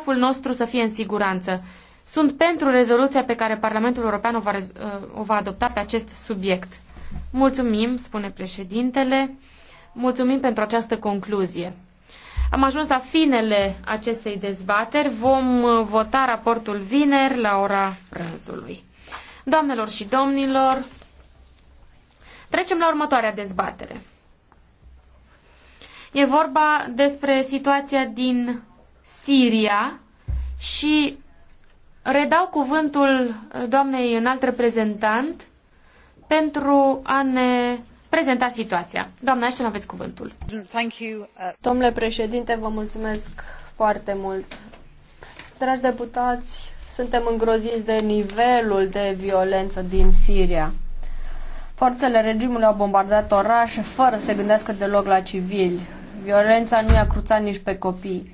staful nostru să fie în siguranță. Sunt pentru rezoluția pe care Parlamentul European o va, uh, o va adopta pe acest subiect. Mulțumim, spune președintele. Mulțumim pentru această concluzie. Am ajuns la finele acestei dezbateri. Vom uh, vota raportul vineri la ora prânzului. Doamnelor și domnilor, trecem la următoarea dezbatere. E vorba despre situația din Siria și redau cuvântul doamnei înalt reprezentant pentru a ne prezenta situația. Doamna nu aveți cuvântul. Thank you, uh, Domnule președinte, vă mulțumesc foarte mult. Dragi deputați, suntem îngroziți de nivelul de violență din Siria. Forțele regimului au bombardat orașe fără să se gândească deloc la civili. Violența nu i-a cruțat nici pe copii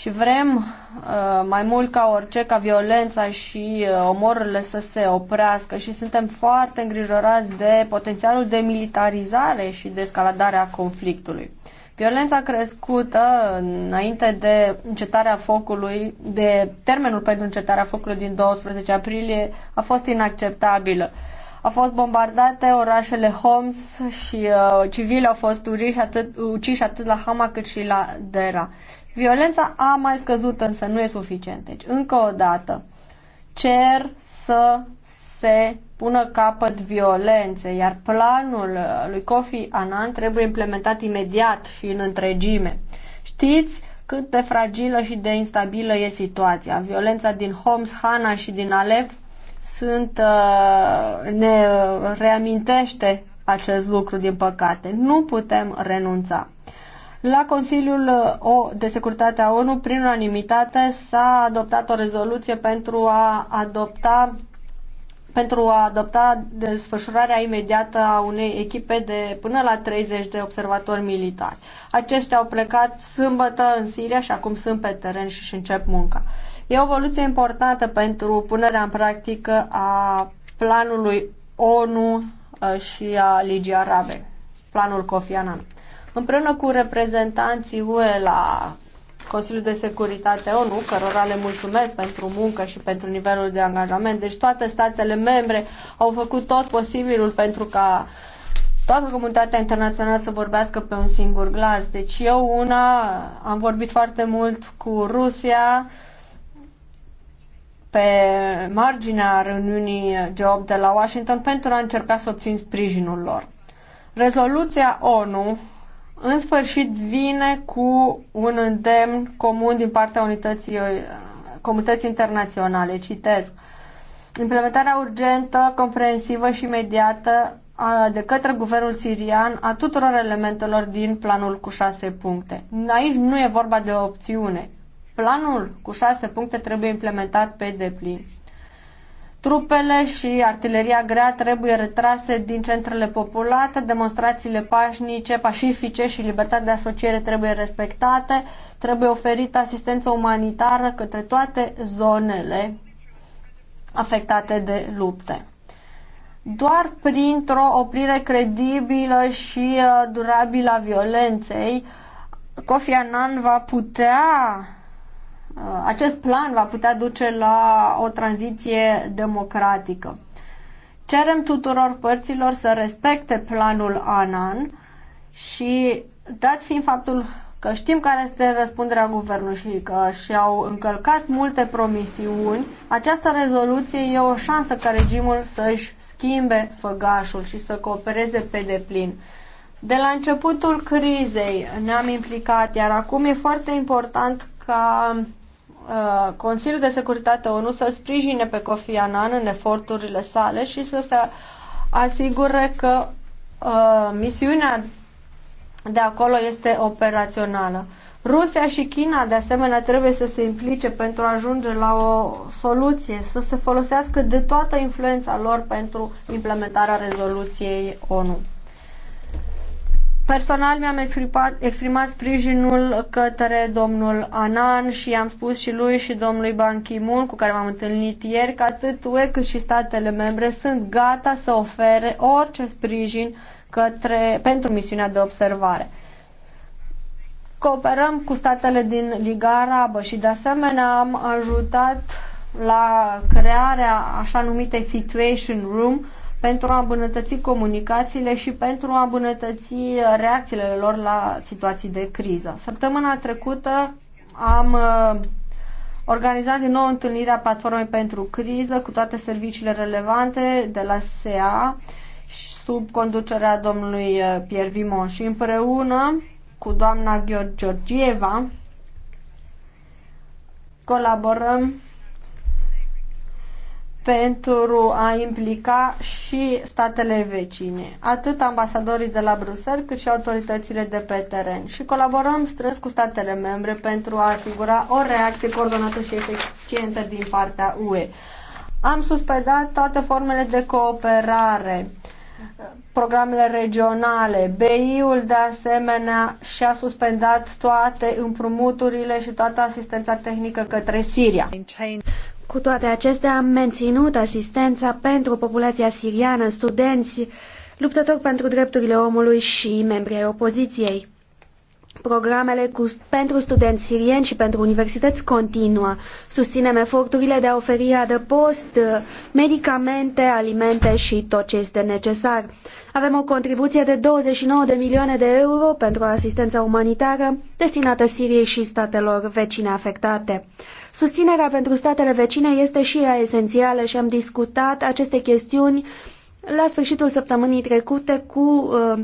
și vrem uh, mai mult ca orice ca violența și uh, omorurile să se oprească și suntem foarte îngrijorați de potențialul de militarizare și de escaladare a conflictului. Violența crescută înainte de încetarea focului, de termenul pentru încetarea focului din 12 aprilie, a fost inacceptabilă. Uh, au fost bombardate orașele Homs și uh, civili au fost uriși atât, uciși atât la Hama cât și la Dera. Violența a mai scăzut, însă nu e suficient. Deci, încă o dată, cer să se pună capăt violențe, iar planul uh, lui Kofi Annan trebuie implementat imediat și în întregime. Știți cât de fragilă și de instabilă e situația. Violența din Homs, Hana și din Alep sunt, uh, ne reamintește acest lucru, din păcate. Nu putem renunța. La Consiliul de Securitate a ONU, prin unanimitate, s-a adoptat o rezoluție pentru a adopta pentru a adopta desfășurarea imediată a unei echipe de până la 30 de observatori militari. Aceștia au plecat sâmbătă în Siria și acum sunt pe teren și își încep munca. E o evoluție importantă pentru punerea în practică a planului ONU uh, și a Ligii Arabe, planul Kofi Annan. Împreună cu reprezentanții UE la Consiliul de Securitate ONU, cărora le mulțumesc pentru muncă și pentru nivelul de angajament. Deci toate statele membre au făcut tot posibilul pentru ca toată comunitatea internațională să vorbească pe un singur glas. Deci eu una am vorbit foarte mult cu Rusia, pe marginea reuniunii G8 de la Washington pentru a încerca să obțin sprijinul lor. Rezoluția ONU în sfârșit vine cu un îndemn comun din partea unității, comunității internaționale. Citesc. Implementarea urgentă, comprehensivă și imediată de către guvernul sirian a tuturor elementelor din planul cu șase puncte. Aici nu e vorba de o opțiune, Planul cu șase puncte trebuie implementat pe deplin. Trupele și artileria grea trebuie retrase din centrele populate, demonstrațiile pașnice, pașifice și libertatea de asociere trebuie respectate, trebuie oferită asistență umanitară către toate zonele afectate de lupte. Doar printr-o oprire credibilă și uh, durabilă a violenței, Kofi Annan va putea Uh, acest plan va putea duce la o tranziție democratică. Cerem tuturor părților să respecte planul ANAN și, dat fiind faptul că știm care este răspunderea guvernului și că și-au încălcat multe promisiuni, această rezoluție e o șansă ca regimul să-și schimbe făgașul și să coopereze pe deplin. De la începutul crizei ne-am implicat, iar acum e foarte important ca Uh, Consiliul de Securitate ONU să sprijine pe Kofi Annan în eforturile sale și să se asigure că uh, misiunea de acolo este operațională. Rusia și China, de asemenea, trebuie să se implice pentru a ajunge la o soluție, să se folosească de toată influența lor pentru implementarea rezoluției ONU. Personal mi-am exprimat, exprimat sprijinul către domnul Anan și i-am spus și lui și domnului Ban Ki-moon, cu care m-am întâlnit ieri, că atât UE cât și statele membre sunt gata să ofere orice sprijin către, pentru misiunea de observare. Cooperăm cu statele din Liga Arabă și de asemenea am ajutat la crearea așa numitei Situation Room, pentru a îmbunătăți comunicațiile și pentru a îmbunătăți reacțiile lor la situații de criză. Săptămâna trecută am uh, organizat din nou întâlnirea Platformei pentru Criză cu toate serviciile relevante de la SEA sub conducerea domnului uh, Pierre Vimon și împreună cu doamna Georgieva colaborăm pentru a implica și statele vecine, atât ambasadorii de la Bruxelles, cât și autoritățile de pe teren. Și colaborăm strâns cu statele membre pentru a asigura o reacție coordonată și eficientă din partea UE. Am suspendat toate formele de cooperare, programele regionale, BI-ul de asemenea și-a suspendat toate împrumuturile și toată asistența tehnică către Siria. Cu toate acestea, am menținut asistența pentru populația siriană, studenți, luptători pentru drepturile omului și membrii opoziției. Programele cu, pentru studenți sirieni și pentru universități continuă. Susținem eforturile de a oferi adăpost, uh, medicamente, alimente și tot ce este necesar. Avem o contribuție de 29 de milioane de euro pentru asistența umanitară destinată Siriei și statelor vecine afectate. Susținerea pentru statele vecine este și ea esențială și am discutat aceste chestiuni la sfârșitul săptămânii trecute cu uh,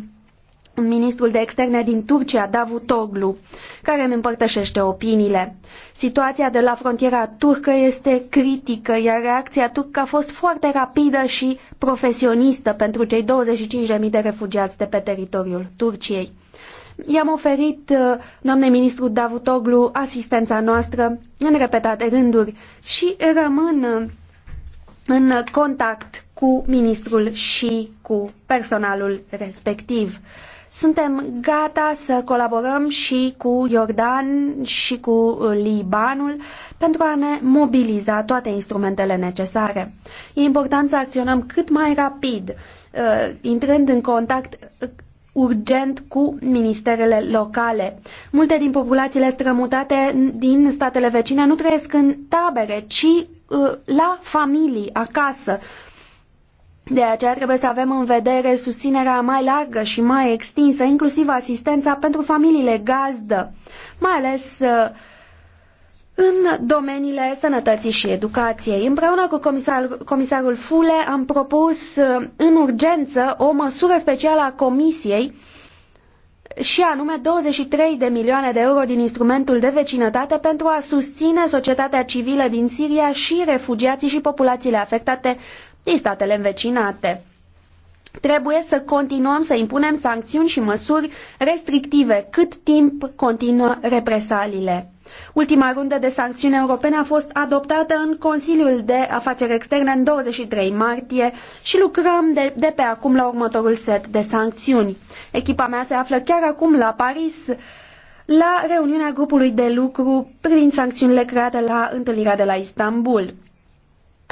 ministrul de externe din Turcia, Davutoglu, care îmi împărtășește opiniile. Situația de la frontiera turcă este critică, iar reacția turcă a fost foarte rapidă și profesionistă pentru cei 25.000 de refugiați de pe teritoriul Turciei. I-am oferit, uh, doamne ministru Davutoglu, asistența noastră în repetate rânduri și rămân uh, în contact cu ministrul și cu personalul respectiv. Suntem gata să colaborăm și cu Iordan și cu uh, Libanul pentru a ne mobiliza toate instrumentele necesare. E important să acționăm cât mai rapid, uh, intrând în contact uh, urgent cu ministerele locale. Multe din populațiile strămutate din statele vecine nu trăiesc în tabere, ci la familii, acasă, de aceea trebuie să avem în vedere susținerea mai largă și mai extinsă, inclusiv asistența pentru familiile gazdă, mai ales uh, în domeniile sănătății și educației. Împreună cu comisar, comisarul Fule am propus uh, în urgență o măsură specială a Comisiei și anume 23 de milioane de euro din instrumentul de vecinătate pentru a susține societatea civilă din Siria și refugiații și populațiile afectate din statele învecinate. Trebuie să continuăm să impunem sancțiuni și măsuri restrictive cât timp continuă represaliile. Ultima rundă de sancțiuni europene a fost adoptată în Consiliul de Afaceri Externe în 23 martie și lucrăm de, de pe acum la următorul set de sancțiuni. Echipa mea se află chiar acum la Paris la reuniunea grupului de lucru privind sancțiunile create la întâlnirea de la Istanbul.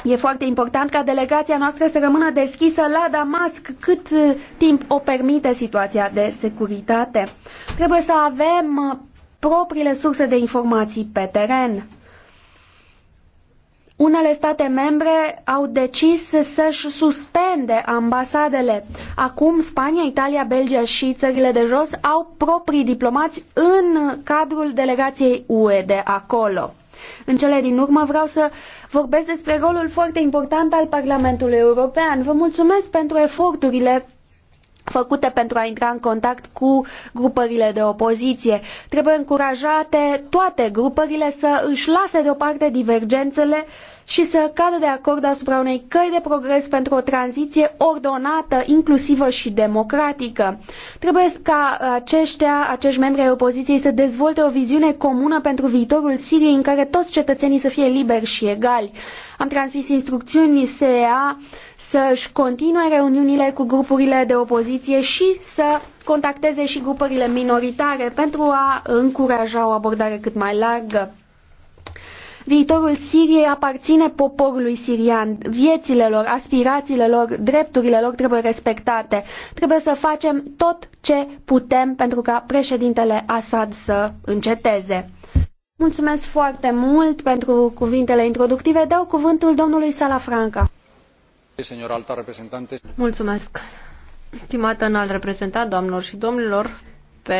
E foarte important ca delegația noastră să rămână deschisă la Damasc cât uh, timp o permite situația de securitate. Trebuie să avem uh, propriile surse de informații pe teren. Unele state membre au decis să-și suspende ambasadele. Acum Spania, Italia, Belgia și țările de jos au proprii diplomați în cadrul delegației UE de acolo. În cele din urmă vreau să vorbesc despre rolul foarte important al Parlamentului European. Vă mulțumesc pentru eforturile făcute pentru a intra în contact cu grupările de opoziție. Trebuie încurajate toate grupările să își lase deoparte divergențele uh, și să cadă de acord asupra unei căi de progres pentru o tranziție ordonată, inclusivă și democratică. Trebuie ca aceștia, acești membri ai opoziției să dezvolte o viziune comună pentru viitorul Siriei în care toți cetățenii să fie liberi și egali. Am transmis instrucțiuni SEA să-și continue reuniunile cu grupurile de opoziție și să contacteze și grupările minoritare pentru a încuraja o abordare cât mai largă. Viitorul Siriei aparține poporului sirian. Viețile lor, aspirațiile lor, drepturile lor trebuie respectate. Trebuie să facem tot ce putem pentru ca președintele Assad să înceteze. Mulțumesc foarte mult pentru cuvintele introductive. Dau cuvântul domnului Salafranca. Mulțumesc. Stimată înalt reprezentat, doamnelor și domnilor, pe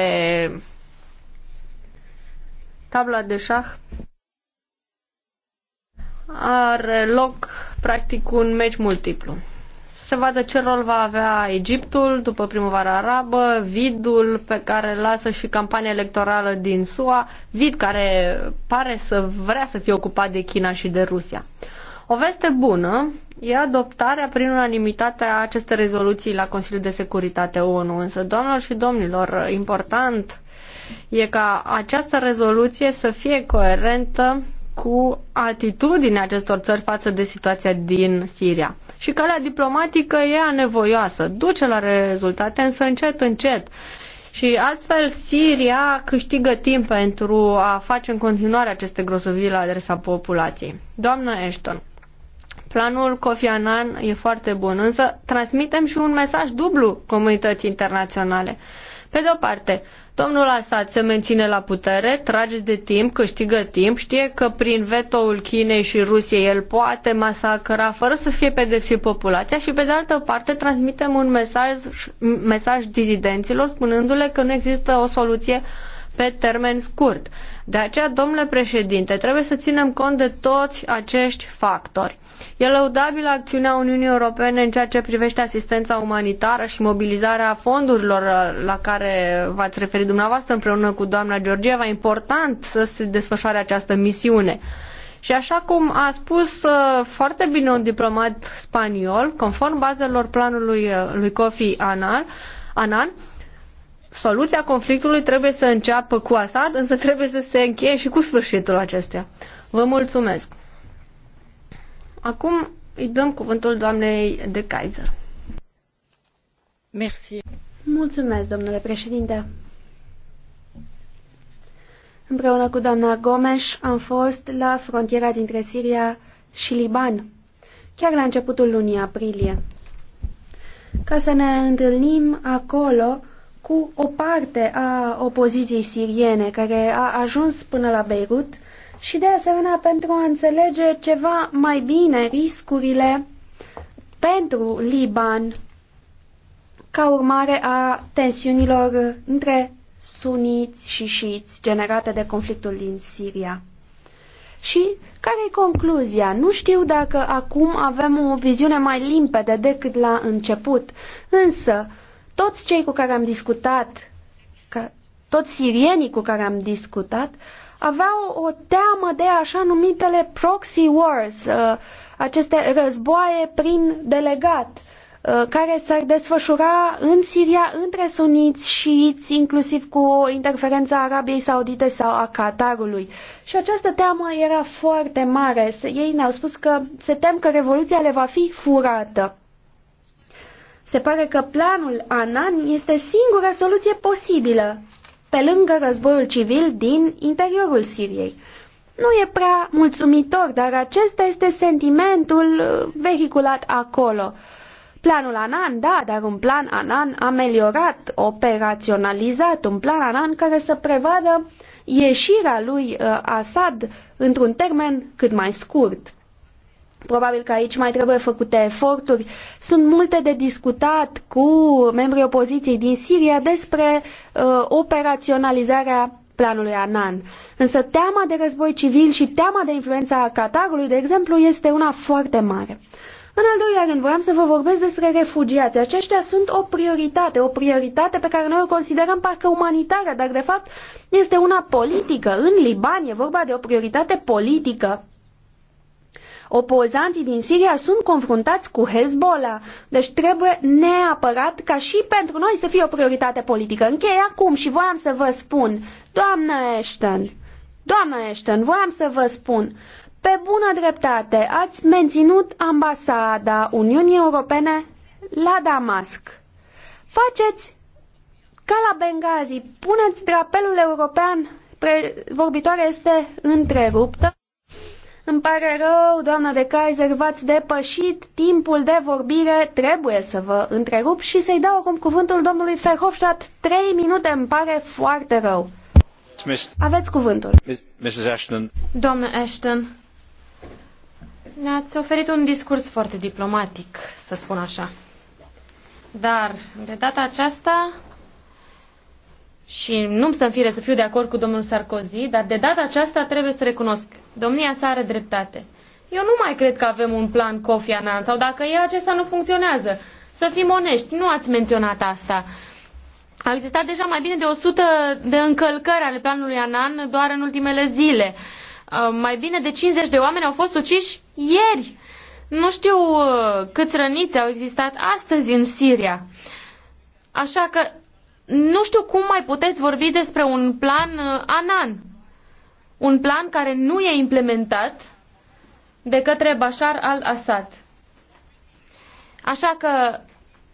tabla de șah are loc practic un meci multiplu. Se vadă ce rol va avea Egiptul după primăvara arabă, vidul pe care lasă și campania electorală din SUA, vid care pare să vrea să fie ocupat de China și de Rusia. O veste bună e adoptarea prin unanimitate a acestei rezoluții la Consiliul de Securitate ONU, însă, doamnelor și domnilor, important e ca această rezoluție să fie coerentă cu atitudinea acestor țări față de situația din Siria. Și calea diplomatică e anevoioasă, duce la rezultate, însă încet, încet. Și astfel Siria câștigă timp pentru a face în continuare aceste grozăvii la adresa populației. Doamnă Ashton, planul Kofi Annan e foarte bun, însă transmitem și un mesaj dublu comunității internaționale. Pe de o parte, Domnul Assad se menține la putere, trage de timp, câștigă timp, știe că prin vetoul Chinei și Rusiei el poate masacra fără să fie pedepsit populația și pe de altă parte transmitem un mesaj, mesaj dizidenților spunându-le că nu există o soluție uh, pe termen scurt. De aceea, domnule președinte, trebuie să ținem cont de toți acești factori. E lăudabilă acțiunea Uniunii Europene în ceea ce privește asistența umanitară și mobilizarea fondurilor uh, la care v-ați referit dumneavoastră împreună cu doamna Georgieva. Important să se desfășoare această misiune. Și așa cum a spus uh, foarte bine un diplomat spaniol, conform bazelor planului uh, lui Kofi Annan, Anan, soluția conflictului trebuie să înceapă cu Assad, însă trebuie să se încheie și cu sfârșitul acestuia. Vă mulțumesc. Acum îi dăm cuvântul doamnei de Kaiser. Merci. Mulțumesc, domnule președinte. Împreună cu doamna Gomes am fost la frontiera dintre Siria și Liban, chiar la începutul lunii aprilie. Ca să ne întâlnim acolo, cu o parte a opoziției siriene care a ajuns până la Beirut și de asemenea pentru a înțelege ceva mai bine riscurile pentru Liban ca urmare a tensiunilor între suniți și șiți generate de conflictul din Siria. Și care e concluzia? Nu știu dacă acum avem o viziune mai limpede decât la început, însă toți cei cu care am discutat, că toți sirienii cu care am discutat, aveau o teamă de așa numitele proxy wars, uh, aceste războaie prin delegat, uh, care s-ar desfășura în Siria între suniți și iți, inclusiv cu interferența Arabiei Saudite sau a Qatarului. Și această teamă era foarte mare. Ei ne-au spus că se tem că revoluția le va fi furată. Se pare că planul Anan este singura soluție posibilă, pe lângă războiul civil din interiorul Siriei. Nu e prea mulțumitor, dar acesta este sentimentul uh, vehiculat acolo. Planul Anan, da, dar un plan Anan ameliorat, operaționalizat, un plan Anan care să prevadă ieșirea lui uh, Assad într-un termen cât mai scurt. Probabil că aici mai trebuie făcute eforturi. Sunt multe de discutat cu membrii opoziției din Siria despre uh, operaționalizarea planului Anan. Însă teama de război civil și teama de influența Qatarului, de exemplu, este una foarte mare. În al doilea rând, vreau să vă vorbesc despre refugiați. Aceștia sunt o prioritate, o prioritate pe care noi o considerăm parcă umanitară, dar de fapt este una politică. În Liban e vorba de o prioritate politică opozanții din Siria sunt confruntați cu Hezbollah. Deci trebuie neapărat ca și pentru noi să fie o prioritate politică. Încheie acum și voiam să vă spun, doamnă Ashton, doamnă Ashton, voiam să vă spun, pe bună dreptate ați menținut ambasada Uniunii Europene la Damasc. Faceți ca la Benghazi, puneți drapelul european, vorbitoarea este întreruptă. Îmi pare rău, doamnă de Kaiser, v-ați depășit timpul de vorbire. Trebuie să vă întrerup și să-i dau acum cuvântul domnului Verhofstadt. Trei minute îmi pare foarte rău. Aveți cuvântul. Mrs. Ashton. Doamnă Ashton, ne-ați oferit un discurs foarte diplomatic, să spun așa. Dar, de data aceasta, și nu-mi stă în fire să fiu de acord cu domnul Sarkozy, dar de data aceasta trebuie să recunosc Domnia sa are dreptate. Eu nu mai cred că avem un plan Kofi Annan sau dacă e acesta nu funcționează. Să fim onești, nu ați menționat asta. A existat deja mai bine de 100 de încălcări ale planului Anan doar în ultimele zile. Uh, mai bine de 50 de oameni au fost uciși ieri. Nu știu uh, câți răniți au existat astăzi în Siria. Așa că nu știu cum mai puteți vorbi despre un plan uh, Anan un plan care nu e implementat de către Bashar al-Assad. Așa că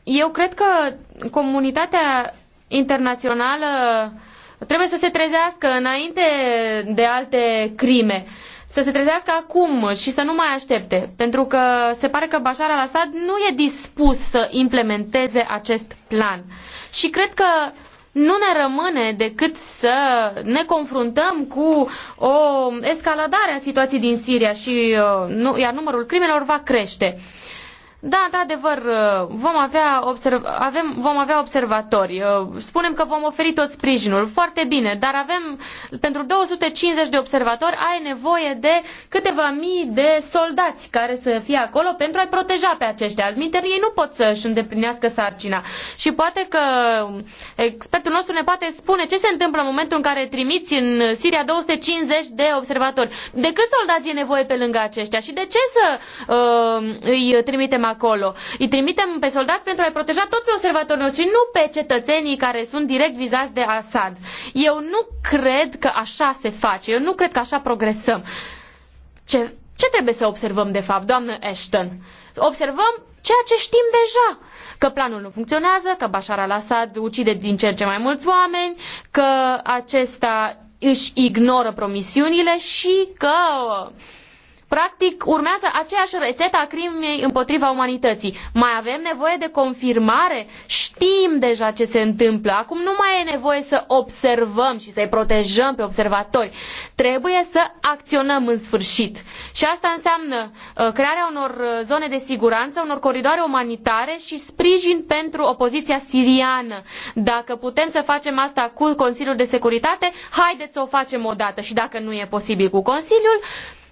eu cred că comunitatea internațională trebuie să se trezească înainte de alte crime. Să se trezească acum și să nu mai aștepte, pentru că se pare că Bashar al-Assad nu e dispus să implementeze acest plan. Și cred că nu ne rămâne decât să ne confruntăm cu o escaladare a situației din Siria și uh, iar numărul crimelor va crește. Uh, da, într-adevăr, uh, vom avea, observ- avem, vom avea observatori. Uh, spunem că vom oferi tot sprijinul. Foarte bine, dar avem pentru 250 de observatori ai nevoie de câteva mii de soldați care să fie acolo pentru a-i proteja pe aceștia. Admiter, ei nu pot să-și îndeplinească sarcina. Și poate că expertul nostru ne poate spune ce se întâmplă în momentul în care trimiți în Siria 250 de observatori. De câți soldați e nevoie pe lângă aceștia și de ce să uh, îi trimitem acolo. Îi trimitem pe soldați pentru a-i proteja tot pe observatorii noștri, nu pe cetățenii care sunt direct vizați de Assad. Eu nu cred că așa se face, eu nu cred că așa progresăm. Ce, ce trebuie să observăm, de fapt, doamnă Ashton? Observăm ceea ce știm deja că planul nu funcționează, că Bashar al-Assad ucide din ce în ce mai mulți oameni, că acesta își ignoră promisiunile și că practic urmează aceeași rețetă a crimei împotriva umanității. Mai avem nevoie de confirmare? Știm deja ce se întâmplă. Acum nu mai e nevoie să observăm și să-i protejăm pe observatori. Trebuie să acționăm în sfârșit. Și asta înseamnă uh, crearea unor uh, zone de siguranță, unor coridoare umanitare și sprijin pentru opoziția siriană. Dacă putem să facem asta cu Consiliul de Securitate, haideți să o facem odată. Și dacă nu e posibil cu Consiliul,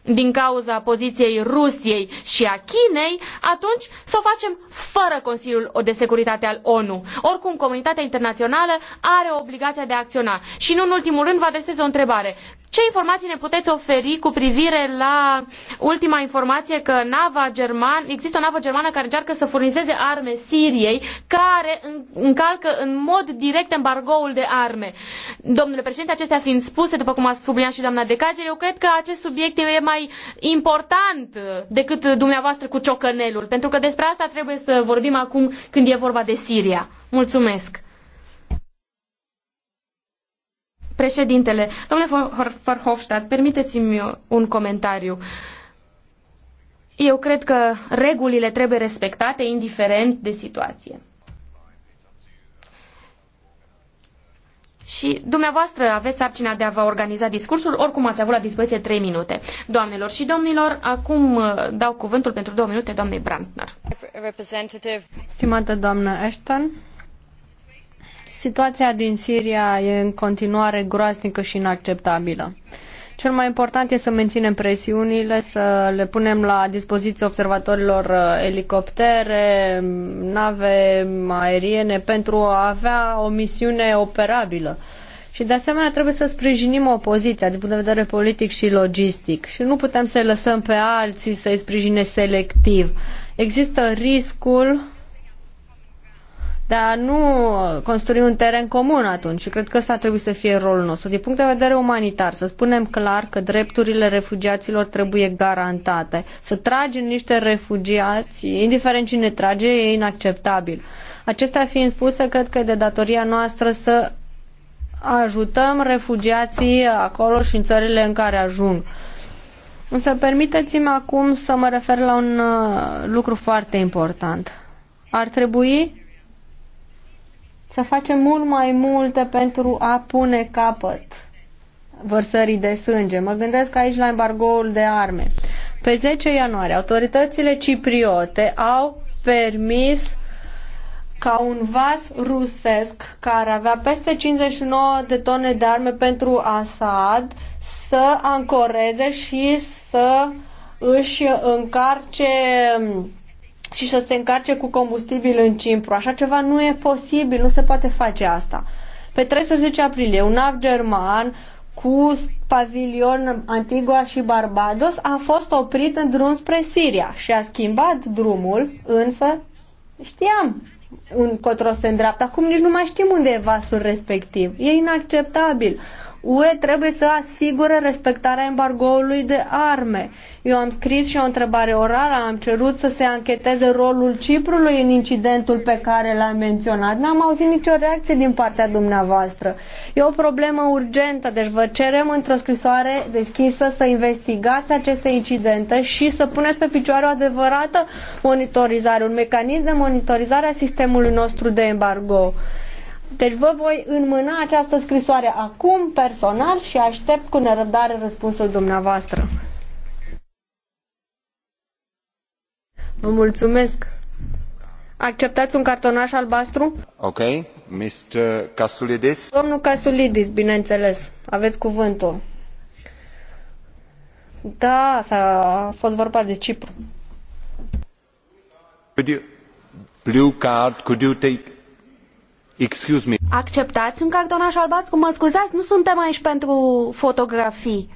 din cauza poziției Rusiei și a Chinei, atunci să o facem fără Consiliul de Securitate al ONU. Oricum, comunitatea internațională are obligația de a acționa. Și nu în ultimul rând vă adresez o întrebare. Ce informații ne puteți oferi cu privire la ultima informație că nava german, există o navă germană care încearcă să furnizeze arme Siriei, care încalcă în mod direct embargoul de arme? Domnule președinte, acestea fiind spuse, după cum a subliniat și doamna de Cazier, eu cred că acest subiect e mai important decât dumneavoastră cu ciocănelul, pentru că despre asta trebuie să vorbim acum când e vorba de Siria. Mulțumesc! Președintele, domnule Verhofstadt, permiteți-mi un comentariu. Eu cred că regulile trebuie respectate indiferent de situație. Și dumneavoastră aveți sarcina de a vă organiza discursul, oricum ați avut la dispoziție 3 minute. Doamnelor și domnilor, acum uh, dau cuvântul pentru 2 minute doamnei Brandner. Stimată doamnă Ashton, Situația din Siria e în continuare groaznică și inacceptabilă. Cel mai important e să menținem presiunile, să le punem la dispoziție observatorilor uh, elicoptere, nave aeriene pentru a avea o misiune operabilă. Și de asemenea trebuie să sprijinim opoziția din punct de vedere politic și logistic și nu putem să-i lăsăm pe alții să-i sprijine selectiv. Există riscul de a nu construi un teren comun atunci. Și cred că ăsta trebuie să fie rolul nostru. Din punct de vedere umanitar, să spunem clar că drepturile refugiaților trebuie garantate. Să tragem niște refugiați, indiferent cine trage, e inacceptabil. Acestea fiind spuse, cred că e de datoria noastră să ajutăm refugiații acolo și în țările în care ajung. Însă permiteți-mi acum să mă refer la un uh, lucru foarte important. Ar trebui să facem mult mai multe pentru a pune capăt vărsării de sânge. Mă gândesc aici la embargoul de arme. Pe 10 ianuarie, autoritățile cipriote au permis ca un vas rusesc care avea peste 59 de tone de arme pentru Assad să ancoreze și să își încarce și să se încarce cu combustibil în Cimpru. Așa ceva nu e posibil, nu se poate face asta. Pe 13 aprilie, un nav german cu pavilion Antigua și Barbados a fost oprit în drum spre Siria și a schimbat drumul, însă știam încotro se îndreaptă. Acum nici nu mai știm unde e vasul respectiv. E inacceptabil. UE trebuie să asigure respectarea embargoului de arme. Eu am scris și o întrebare orală, am cerut să se ancheteze rolul Ciprului în incidentul pe care l-am menționat. N-am auzit nicio reacție din partea dumneavoastră. E o problemă urgentă, deci vă cerem într-o scrisoare deschisă să investigați aceste incidente și să puneți pe picioare o adevărată monitorizare, un mecanism de monitorizare a sistemului nostru de embargo. Deci vă voi înmâna această scrisoare acum, personal, și aștept cu nerăbdare răspunsul dumneavoastră. Vă mulțumesc. Acceptați un cartonaș albastru? Ok. Mr. Casulidis? Domnul Casulidis, bineînțeles. Aveți cuvântul. Da, s-a fost vorba de Cipru. Could you, blue card, could you take Excuse me. Acceptați un cartonaș albastru? Mă scuzați, nu suntem aici pentru fotografii.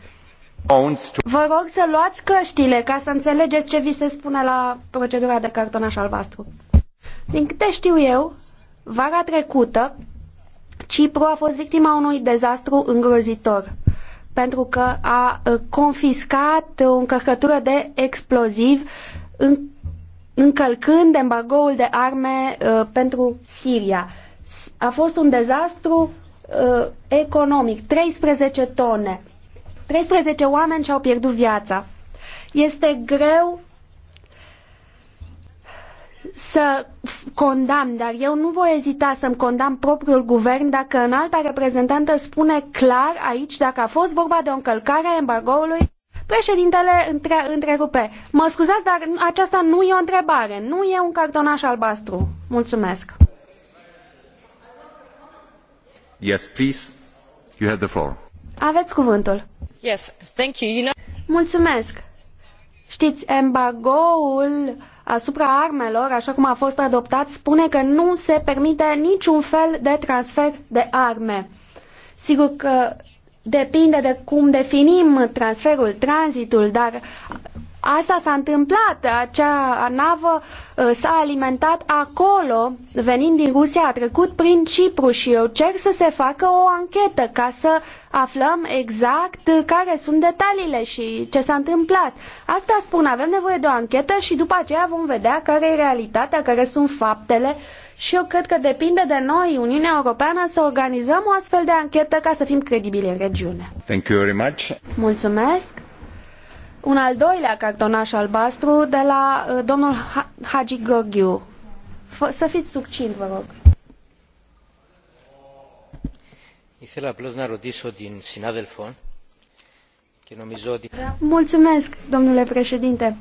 Vă rog să luați căștile ca să înțelegeți ce vi se spune la procedura de cartonaș albastru. Din câte știu eu, vara trecută, Cipru a fost victima unui dezastru îngrozitor pentru că a uh, confiscat o încărcătură de exploziv încălcând embargoul de arme uh, pentru Siria a fost un dezastru uh, economic. 13 tone. 13 oameni și-au pierdut viața. Este greu să condamn, dar eu nu voi ezita să-mi condamn propriul guvern dacă în alta reprezentantă spune clar aici dacă a fost vorba de o încălcare a embargoului. Președintele între, întrerupe. Mă scuzați, dar aceasta nu e o întrebare, nu e un cartonaș albastru. Mulțumesc. Yes, please. You Aveți cuvântul. Yes, thank you. you know... Mulțumesc. Știți, embargoul asupra armelor, așa cum a fost adoptat, spune că nu se permite niciun fel de transfer de arme. Sigur că depinde de cum definim transferul, tranzitul, dar Asta s-a întâmplat, acea navă uh, s-a alimentat acolo, venind din Rusia, a trecut prin Cipru și eu cer să se facă o anchetă ca să aflăm exact uh, care sunt detaliile și ce s-a întâmplat. Asta spun, avem nevoie de o anchetă și după aceea vom vedea care e realitatea, care sunt faptele și eu cred că depinde de noi, Uniunea Europeană, să organizăm o astfel de anchetă ca să fim credibili în regiune. Thank you very much. Mulțumesc un al doilea cartonaș albastru de la uh, domnul Hagi Gogiu. F să fiți succint, vă rog. Ήθελα απλώς να ρωτήσω την συνάδελφο και νομίζω ότι... Mulțumesc, domnule președinte.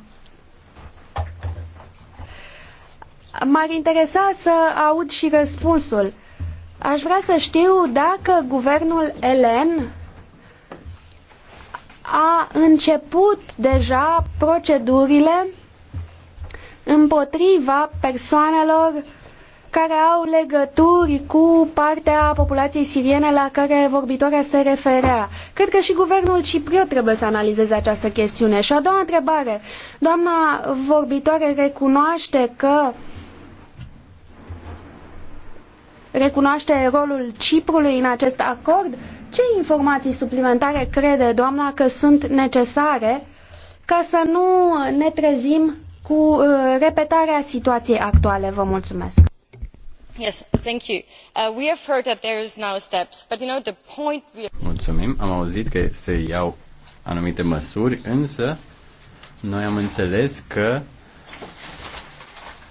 M-ar interesa să aud și răspunsul. Aș vrea să știu dacă guvernul elen a început deja procedurile împotriva persoanelor care au legături cu partea populației siriene la care vorbitoarea se referea. Cred că și guvernul cipriot trebuie să analizeze această chestiune. Și a doua întrebare. Doamna vorbitoare recunoaște că recunoaște rolul Ciprului în acest acord? Ce informații suplimentare crede doamna că sunt necesare ca să nu ne trezim cu uh, repetarea situației actuale? Vă mulțumesc. Yes, thank you. Uh, we have heard that there is now steps, but you know the point. We... Mulțumim. Am auzit că se iau anumite măsuri, însă noi am înțeles că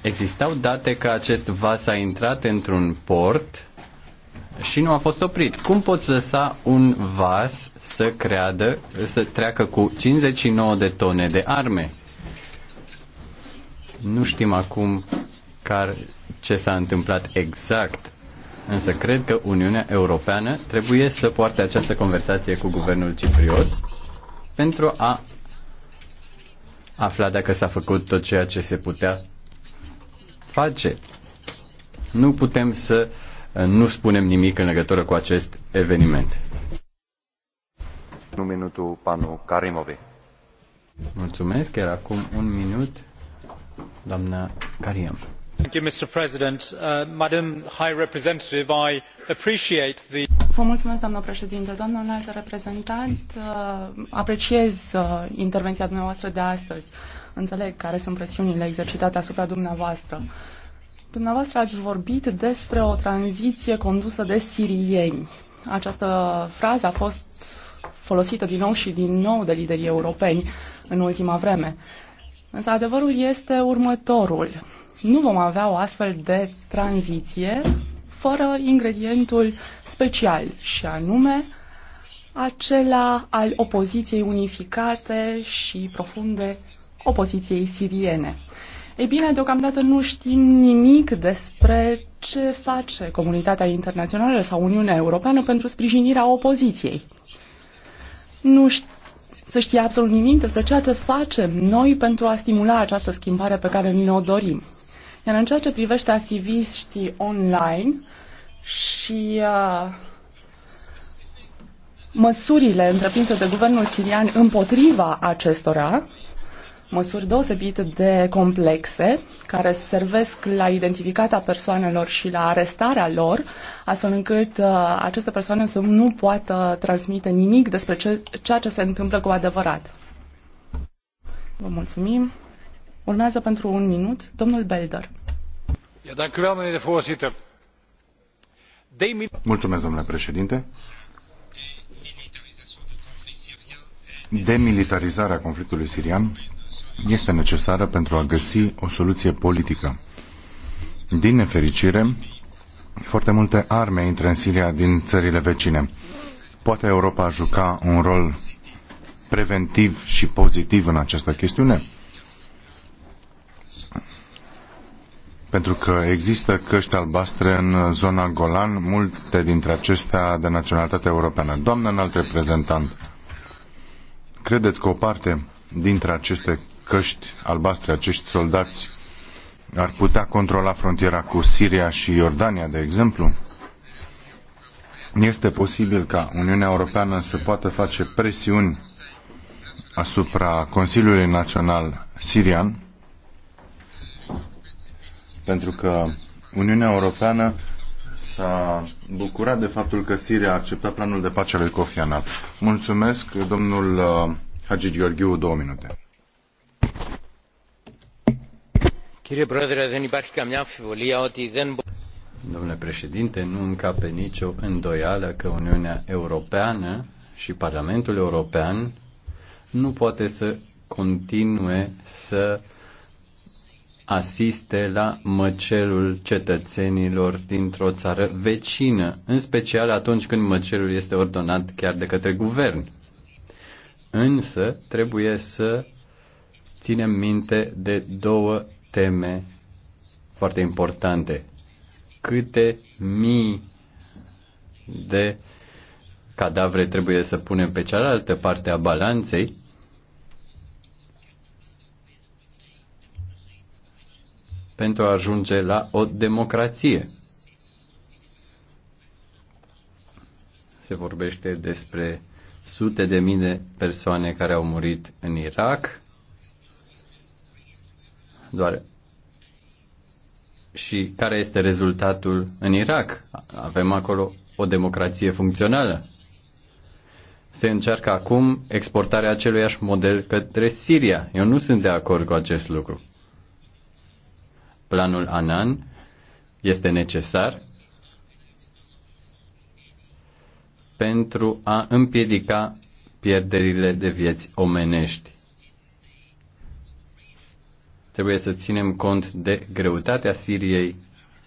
existau date că acest vas a intrat într-un port și nu a fost oprit. Cum poți lăsa un vas să creadă, să treacă cu 59 de tone de arme? Nu știm acum car ce s-a întâmplat exact, însă cred că Uniunea Europeană trebuie să poarte această conversație cu guvernul cipriot pentru a afla dacă s-a făcut tot ceea ce se putea face. Nu putem să uh, nu spunem nimic în legătură cu acest eveniment. Un minutul panu Karimovi. Mulțumesc, iar acum un minut, doamna Karim. Thank you, Mr. President. Uh, Madam High Representative, I appreciate the... Vă mulțumesc, doamnă președinte. Doamnă înaltă reprezentant, uh, apreciez uh, intervenția dumneavoastră de astăzi. Înțeleg care sunt presiunile exercitate asupra dumneavoastră. Uh, Dumneavoastră ați vorbit despre o tranziție condusă de sirieni. Această frază a fost folosită din nou și din nou de liderii europeni în ultima vreme. Însă adevărul este următorul. Nu vom avea o astfel de tranziție fără ingredientul special și anume acela al opoziției unificate și profunde opoziției siriene. Ei bine, deocamdată nu știm nimic despre ce face comunitatea internațională sau Uniunea Europeană pentru sprijinirea opoziției. Nu știu să știe absolut nimic despre ceea ce facem noi pentru a stimula această schimbare pe care ne o dorim. Iar în ceea ce privește activiștii online și uh, măsurile întreprinse de guvernul sirian împotriva acestora, măsuri deosebit de complexe care servesc la identificarea persoanelor și la arestarea lor, astfel încât uh, aceste persoane să nu poată transmite nimic despre ce, ceea ce se întâmplă cu adevărat. Vă mulțumim. Urmează pentru un minut domnul Belder. Mulțumesc, domnule președinte. Demilitarizarea conflictului sirian este necesară pentru a găsi o soluție politică. Din nefericire, foarte multe arme intră în Siria din țările vecine. Poate Europa juca un rol preventiv și pozitiv în această chestiune? Pentru că există căști albastre în zona Golan, multe dintre acestea de naționalitate europeană. Doamnă înalt reprezentant, credeți că o parte dintre aceste căști albastre, acești soldați, ar putea controla frontiera cu Siria și Iordania, de exemplu? Este posibil ca Uniunea Europeană să poată face presiuni asupra Consiliului Național Sirian, pentru că Uniunea Europeană s-a bucurat de faptul că Siria a acceptat planul de pace al Kofi Annan. Mulțumesc, domnul uh, Hagi Gheorghiu, două minute. Domnule președinte, nu încape nicio îndoială că Uniunea Europeană și Parlamentul European nu poate să continue să asiste la măcelul cetățenilor dintr-o țară vecină, în special atunci când măcelul este ordonat chiar de către guvern. Însă trebuie să ținem minte de două teme foarte importante. Câte mii de cadavre trebuie să punem pe cealaltă parte a balanței pentru a ajunge la o democrație. Se vorbește despre sute de mii de persoane care au murit în Irak. Doar și care este rezultatul în Irak? Avem acolo o democrație funcțională. Se încearcă acum exportarea aceluiași model către Siria. Eu nu sunt de acord cu acest lucru. Planul Anan este necesar, pentru a împiedica pierderile de vieți omenești. Trebuie să ținem cont de greutatea Siriei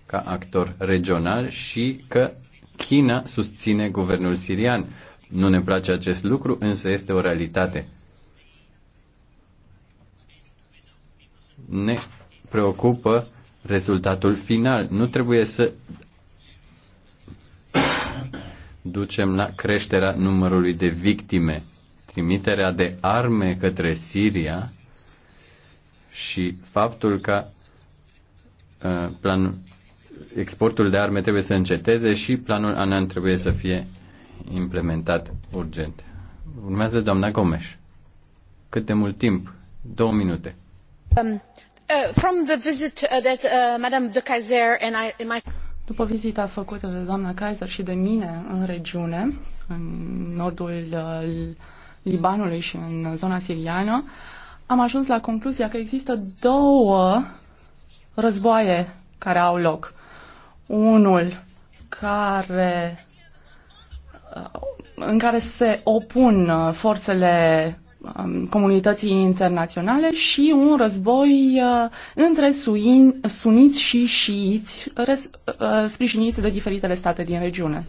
ca actor regional și că China susține guvernul sirian. Nu ne place acest lucru, însă este o realitate. Ne preocupă rezultatul final. Nu trebuie să ducem la creșterea numărului de victime. Trimiterea de arme către Siria și faptul că uh, planul exportul de arme trebuie să înceteze și planul ANAN trebuie să fie implementat urgent. Urmează doamna Gomes. Cât de mult timp? Două minute. Um, uh, from the visit uh, that uh, Madame de Kaiser and I, and my... După vizita făcută de doamna Kaiser și de mine în regiune, în nordul uh, Libanului și în zona siriană, am ajuns la concluzia că există două războaie care au loc. Unul care, uh, în care se opun uh, forțele Um, comunității internaționale și un război uh, între suin, suniți și șiiți uh, sprijiniți de diferitele state din regiune.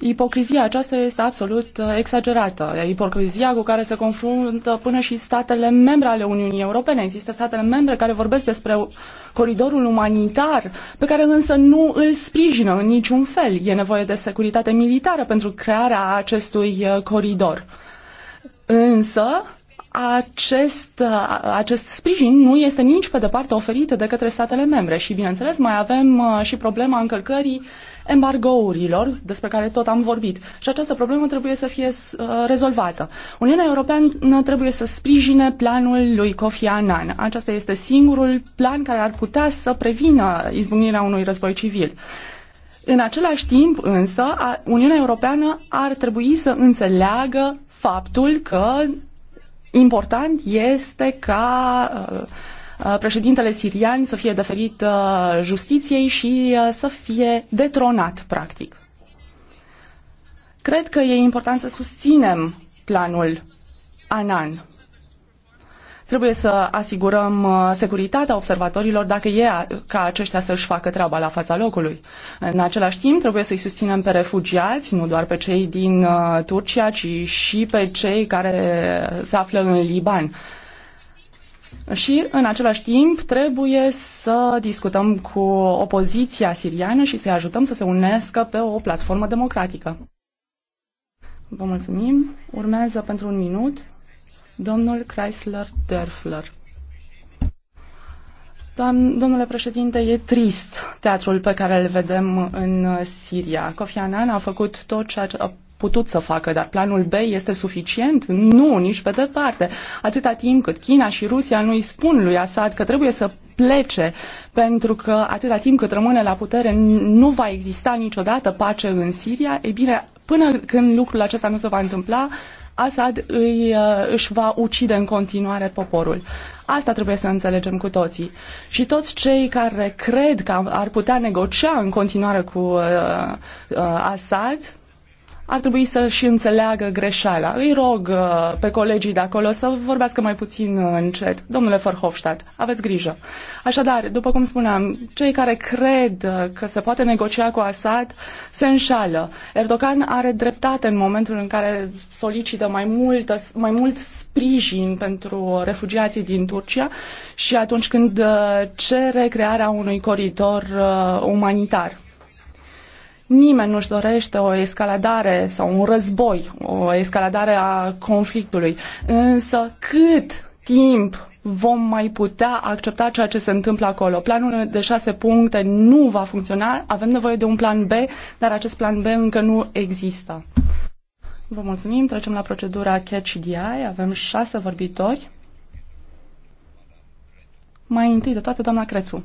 Ipocrizia aceasta este absolut uh, exagerată. Ipocrizia cu care se confruntă până și statele membre ale Uniunii Europene. Există statele membre care vorbesc despre coridorul umanitar, pe care însă nu îl sprijină în niciun fel. E nevoie de securitate militară pentru crearea acestui uh, coridor. Însă, acest, uh, acest sprijin nu este nici pe departe oferit de către statele membre și, bineînțeles, mai avem și problema încălcării uh, embargourilor, despre care tot am vorbit. Și această problemă trebuie să fie uh, rezolvată. Uniunea Europeană trebuie să sprijine planul lui Kofi Annan. Acesta este singurul plan care ar putea să prevină izbucnirea unui război civil. În același timp, însă, Uniunea Europeană ar trebui să înțeleagă faptul că important este ca uh, Uh, președintele sirian să fie deferit uh, justiției și uh, să fie detronat, practic. Cred că e important să susținem planul Anan. Trebuie să asigurăm securitatea observatorilor dacă e ca aceștia să-și facă treaba la fața locului. În același timp, trebuie să-i susținem pe refugiați, nu doar pe cei din Turcia, ci și pe cei care se află în Liban. Și, în același timp, trebuie să discutăm cu opoziția siriană și să-i ajutăm să se unească pe o platformă democratică. Vă mulțumim. Urmează pentru un minut domnul Chrysler Dörfler. Domnule președinte, e trist teatrul pe care îl vedem în Siria. Kofi Annan a făcut tot ceea ce a putut să facă, dar planul B este suficient? Nu, nici pe departe. Atâta timp cât China și Rusia nu îi spun lui Assad că trebuie să plece, pentru că atâta timp cât rămâne la putere nu va exista niciodată pace în Siria, e bine, până când lucrul acesta nu se va întâmpla, Assad îi, uh, își va ucide în continuare poporul. Asta trebuie să înțelegem cu toții. Și toți cei care cred că ar putea negocia în continuare cu uh, uh, Assad ar trebui să-și înțeleagă greșeala. Îi rog uh, pe colegii de acolo să vorbească mai puțin uh, încet. Domnule Verhofstadt, aveți grijă. Așadar, după cum spuneam, cei care cred uh, că se poate negocia cu Assad se înșală. Erdogan are dreptate în momentul în care solicită mai, multă, mai mult sprijin pentru refugiații din Turcia și atunci când cere crearea unui coridor umanitar. Nimeni nu-și dorește o escaladare sau un război, o escaladare a conflictului. Însă cât timp vom mai putea accepta ceea ce se întâmplă acolo. Planul de șase puncte nu va funcționa, avem nevoie de un plan B, dar acest plan B încă nu există. Vă mulțumim, trecem la procedura Catch DI, avem șase vorbitori. Mai întâi de toate, doamna Crețu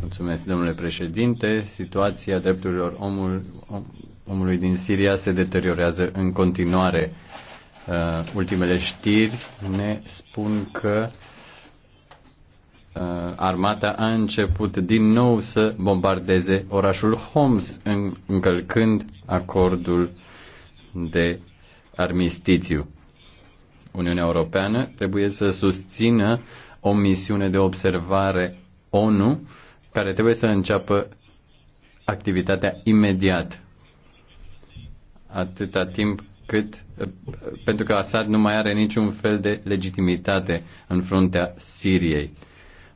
Mulțumesc, domnule președinte. Situația drepturilor omul, om, omului din Siria se deteriorează în continuare. Uh, ultimele știri ne spun că uh, armata a început din nou să bombardeze orașul Homs, în, încălcând acordul de armistițiu. Uniunea Europeană trebuie să susțină o misiune de observare ONU care trebuie să înceapă activitatea imediat. Atâta timp cât pentru că Assad nu mai are niciun fel de legitimitate în fruntea Siriei.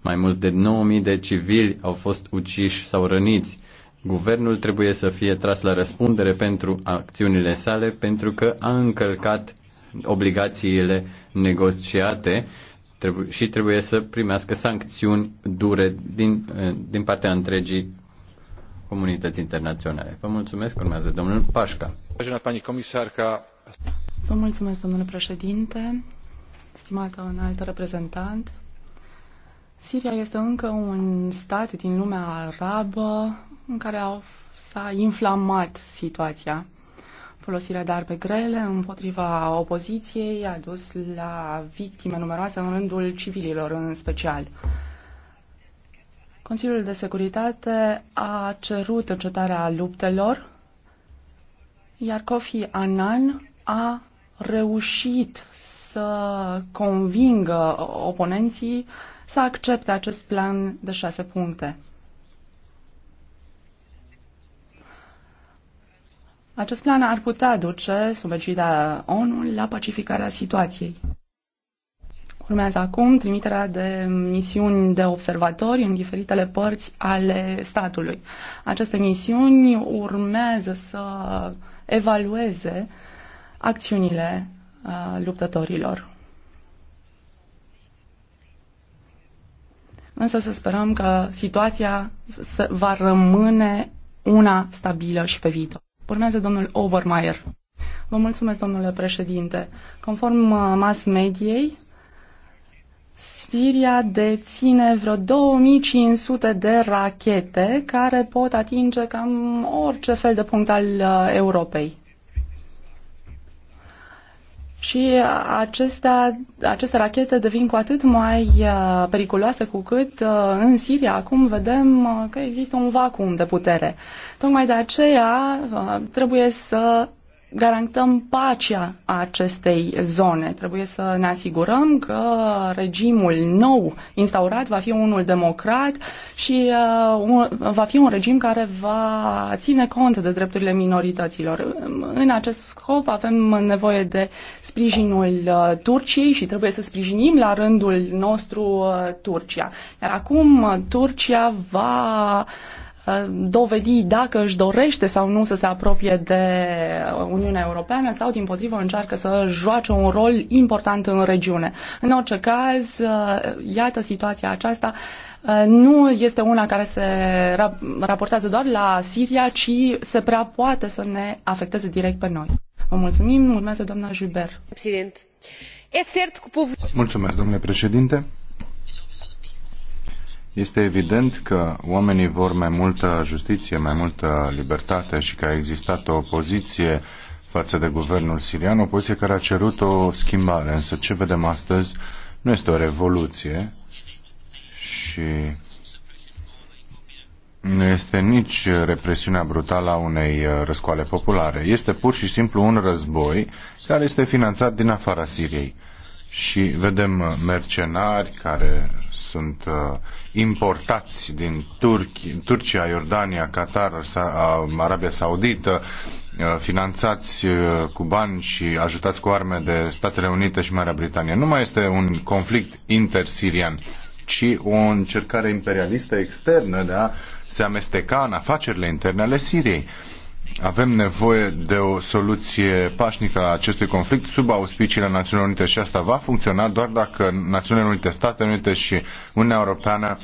Mai mult de 9000 de civili au fost uciși sau răniți. Guvernul trebuie să fie tras la răspundere pentru acțiunile sale pentru că a încălcat obligațiile negociate și trebuie să primească sancțiuni dure din, din partea întregii comunități internaționale. Vă mulțumesc, urmează domnul Pașca. Vă mulțumesc, domnule președinte, stimată alt reprezentant. Siria este încă un stat din lumea arabă în care s-a inflamat situația. Folosirea de arme grele împotriva opoziției a dus la victime numeroase în rândul civililor în special. Consiliul de Securitate a cerut încetarea luptelor, iar Kofi Annan a reușit să convingă oponenții să accepte acest plan de șase puncte. Acest plan ar putea duce, sub egida ONU, la pacificarea situației. Urmează acum trimiterea de misiuni de observatori în diferitele părți ale statului. Aceste misiuni urmează să evalueze acțiunile uh, luptătorilor. Însă să sperăm că situația va rămâne una stabilă și pe viitor. Urmează domnul Overmeier. Vă mulțumesc, domnule președinte. Conform uh, mass mediei, Siria deține vreo 2500 de rachete care pot atinge cam orice fel de punct al uh, Europei și acestea, aceste rachete devin cu atât mai uh, periculoase cu cât uh, în Siria acum vedem uh, că există un vacuum de putere. Tocmai de aceea trebuie să garantăm pacea acestei zone. Trebuie să ne asigurăm că regimul nou instaurat va fi unul democrat și uh, va fi un regim care va ține cont de drepturile minorităților. În acest scop avem nevoie de sprijinul uh, Turciei și trebuie să sprijinim la rândul nostru uh, Turcia. Iar acum Turcia va dovedi dacă își dorește sau nu să se apropie de Uniunea Europeană sau, din potrivă, încearcă să joace un rol important în regiune. În orice caz, uh, iată situația aceasta uh, nu este una care se raportează doar la Siria, ci se prea poate să ne afecteze direct pe noi. Vă mulțumim. Urmează doamna Juber. Mulțumesc, domnule președinte. Este evident că oamenii vor mai multă justiție, mai multă libertate și că a existat o opoziție față de guvernul sirian, o poziție care a cerut o schimbare. Însă ce vedem astăzi nu este o revoluție și nu este nici represiunea brutală a unei uh, răscoale populare. Este pur și simplu un război care este finanțat din afara Siriei și vedem uh, mercenari care sunt uh, importați din Turchi, Turcia, Iordania, Qatar, Sa- uh, Arabia Saudită, uh, finanțați uh, cu bani și ajutați cu arme de Statele Unite și Marea Britanie. Nu mai este un conflict intersirian, ci o încercare imperialistă externă de a se amesteca în afacerile interne ale Siriei. Uh, avem nevoie de o soluție pașnică a acestui conflict sub auspiciile Națiunilor Unite și asta va funcționa doar dacă Națiunile Unite, Statele Unite și Uniunea Europeană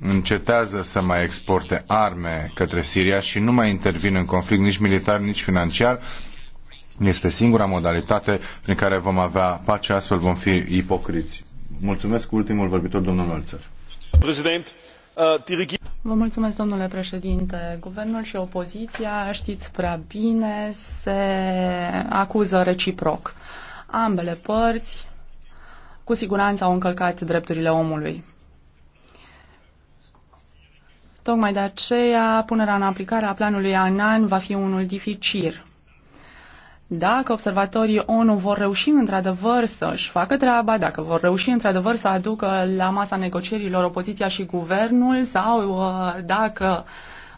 încetează să mai exporte arme către Siria și nu mai intervin în conflict nici militar, nici financiar. Este singura modalitate prin care vom avea pace, astfel vom fi ipocriți. Mulțumesc ultimul vorbitor, domnul Mălțăr. Președinte, Vă mulțumesc, domnule președinte. Guvernul și opoziția, știți prea bine, se acuză reciproc. Ambele părți, cu siguranță, au încălcat drepturile omului. Tocmai de aceea, punerea în aplicare a planului ANAN va fi unul dificil dacă observatorii ONU vor reuși într-adevăr să-și facă treaba, dacă vor reuși într-adevăr să aducă la masa negocierilor opoziția și guvernul sau uh, dacă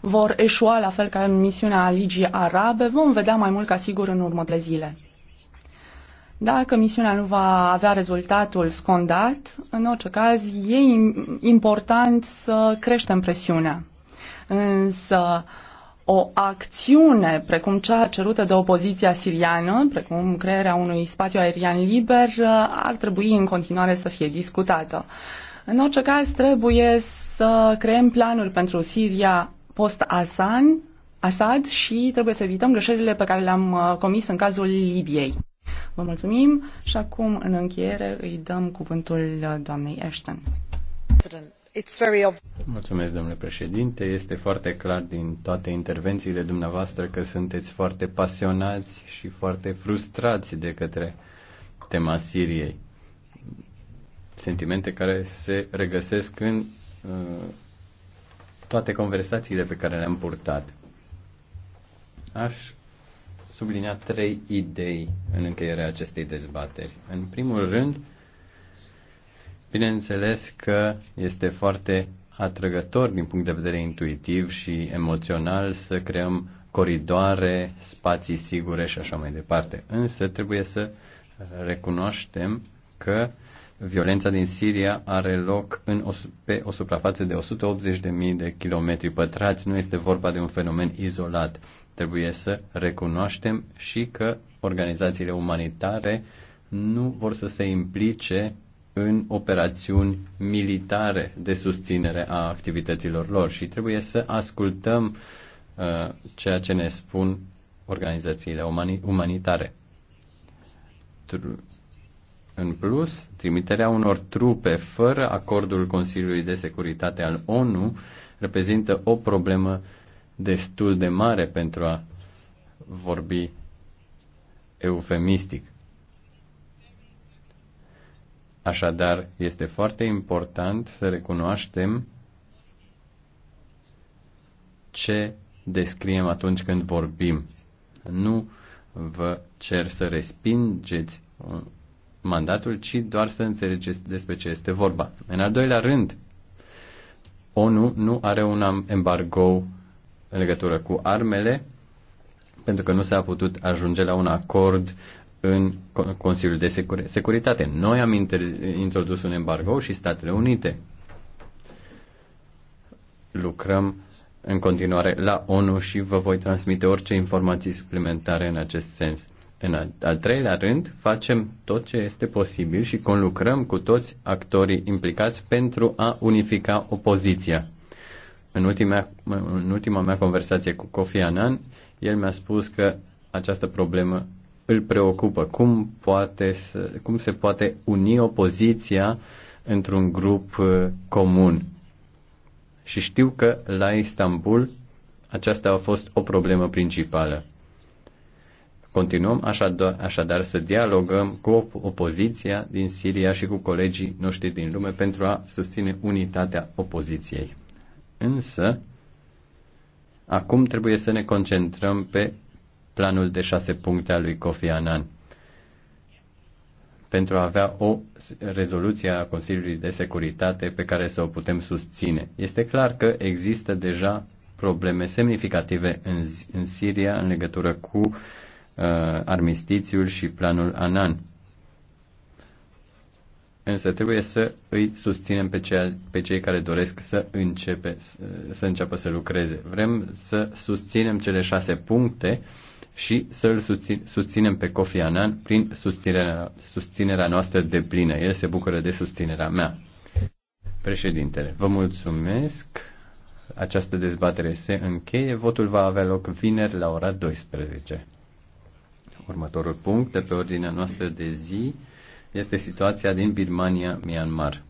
vor eșua la fel ca în misiunea Ligii Arabe, vom vedea mai mult ca sigur în următoarele zile. Dacă misiunea nu va avea rezultatul scondat, în orice caz e important să creștem presiunea. Însă, o acțiune precum cea cerută de opoziția siriană, precum crearea unui spațiu aerian liber, ar trebui în continuare să fie discutată. În orice caz, trebuie să creăm planuri pentru Siria post asan Assad și trebuie să evităm greșelile pe care le-am uh, comis în cazul Libiei. Vă mulțumim și acum, în încheiere, îi dăm cuvântul uh, doamnei Ashton. President. Mulțumesc, domnule președinte. Este foarte clar din toate intervențiile dumneavoastră că sunteți foarte pasionați și foarte frustrați de către tema Siriei. Sentimente care se regăsesc în uh, toate conversațiile pe care le-am purtat. Aș sublinia trei idei în încheierea acestei dezbateri. În primul rând, uh, Bineînțeles că este foarte atrăgător din punct de vedere intuitiv și emoțional să creăm coridoare, spații sigure și așa mai departe. Însă trebuie să recunoaștem că violența din Siria are loc în pe o suprafață de 180.000 de kilometri pătrați. Nu este vorba de un fenomen izolat. Trebuie să recunoaștem și că organizațiile umanitare nu vor să se implice în operațiuni militare de susținere a activităților lor și trebuie să ascultăm uh, ceea ce ne spun organizațiile umani- umanitare. Tr- în plus, trimiterea unor trupe fără acordul Consiliului de Securitate al ONU reprezintă o problemă destul de mare pentru a vorbi eufemistic. Așadar, este foarte important să recunoaștem ce descriem atunci când vorbim. Nu vă cer să respingeți uh, mandatul, ci doar să înțelegeți despre ce este vorba. În al doilea rând, ONU nu are un embargo în legătură cu armele, pentru că nu s-a putut ajunge la un acord în Consiliul de Secur- Securitate. Noi am introdus un embargo și Statele Unite. Lucrăm în continuare la ONU și vă voi transmite orice informații suplimentare în acest sens. În al, al treilea rând, facem tot ce este posibil și conlucrăm cu toți actorii implicați pentru a unifica opoziția. În ultima, în ultima mea conversație cu Kofi Annan, el mi-a spus că această problemă îl preocupă. Cum, poate să, cum se poate uni opoziția într-un grup uh, comun? Și știu că la Istanbul aceasta a fost o problemă principală. Continuăm așadar, așadar să dialogăm cu opoziția din Siria și cu colegii noștri din lume pentru a susține unitatea opoziției. Însă, acum trebuie să ne concentrăm pe planul de șase puncte al lui Kofi Annan pentru a avea o rezoluție a Consiliului de Securitate pe care să o putem susține. Este clar că există deja probleme semnificative în, în Siria în legătură cu uh, armistițiul și planul Anan. Însă trebuie să îi susținem pe, cea, pe cei care doresc să, începe, să, să înceapă să lucreze. Vrem să susținem cele șase puncte uh, și să-l susținem pe Kofi Annan prin susținerea, susținerea noastră de plină. El se bucură de susținerea mea. Președintele, vă mulțumesc. Această dezbatere se încheie. Votul va avea loc vineri la ora 12. Următorul punct de pe ordinea noastră de zi este situația din Birmania, Myanmar.